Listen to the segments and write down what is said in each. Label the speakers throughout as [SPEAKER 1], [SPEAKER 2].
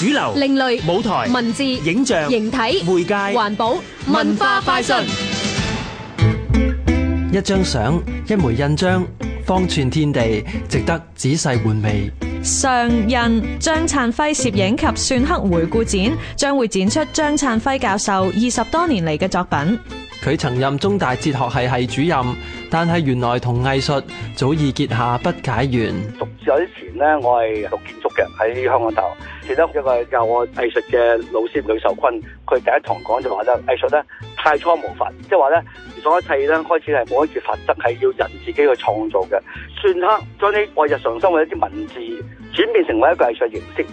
[SPEAKER 1] 主流、另類、舞台、文字、影像、形
[SPEAKER 2] 體、媒介、環保、文化快訊。一
[SPEAKER 1] 張相、一枚印章，方寸天地，值得仔細玩味。
[SPEAKER 2] 上印張燦輝攝影及篆刻回顧展將會展出張燦輝教授二十多年嚟嘅作品。
[SPEAKER 1] 佢曾任中大哲學系系主任，但係原來同藝術早已結下不解緣。
[SPEAKER 3] 有啲之前咧，我係讀建築嘅喺香港大學。其中一個教我藝術嘅老師呂壽琨，佢第一堂講就話咧，藝術咧，太初無法。即係話咧，所有一切咧，開始係冇一啲法則，係要人自己去創造嘅。算刻將啲我日常生活一啲文字轉變成為一個藝術形式。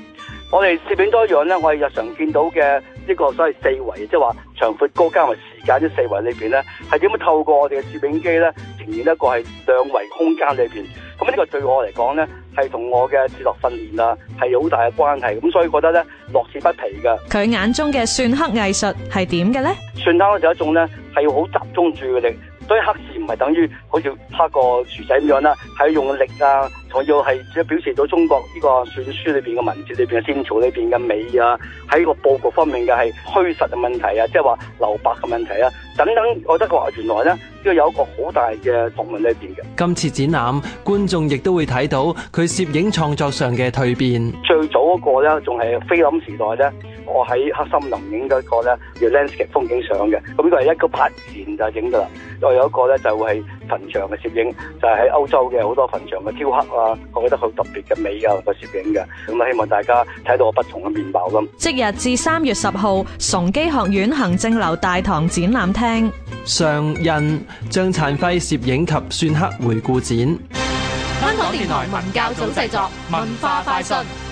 [SPEAKER 3] 我哋攝影多樣咧，我哋日常見到嘅呢個所謂四維，即係話長闊高加埋時間呢四維裏邊咧，係點樣透過我哋嘅攝影機咧，呈現一個係兩維空間裏邊。咁呢個對我嚟講咧，係同我嘅哲學訓練啦，係有好大嘅關係。咁所以覺得咧，樂此不疲㗎。
[SPEAKER 2] 佢眼中嘅篆刻藝術係點嘅咧？
[SPEAKER 3] 篆刻我就一種咧，係要好集中注意力。所以黑字唔係等於好似黑個薯仔咁樣啦，係用力啊，仲要係即係表示咗中國呢個篆書裏邊嘅文字裏邊嘅線條裏邊嘅美啊，喺個布局方面嘅係虛實嘅問題啊，即係話留白嘅問題啊，等等，我覺得個話原來咧，即係有一個好大嘅學問裏邊嘅。
[SPEAKER 1] 今次展覽，觀眾亦都會睇到佢攝影創作上嘅蛻變。
[SPEAKER 3] 最早嗰個咧，仲係菲林時代咧。我喺黑森林影咗一個咧，landscape 風景相嘅，咁呢個係一個拍完就影噶啦。我有一個咧就係墳場嘅攝影，就係喺歐洲嘅好多墳場嘅雕刻啊，我覺得好特別嘅美啊。個攝影嘅。咁啊，希望大家睇到我不同嘅面貌咁。
[SPEAKER 2] 即日至三月十號，崇基學院行政樓大堂展覽廳，
[SPEAKER 1] 上印張燦輝攝影及篆刻回顧展。
[SPEAKER 3] 香港電台文教組製作，文化快訊。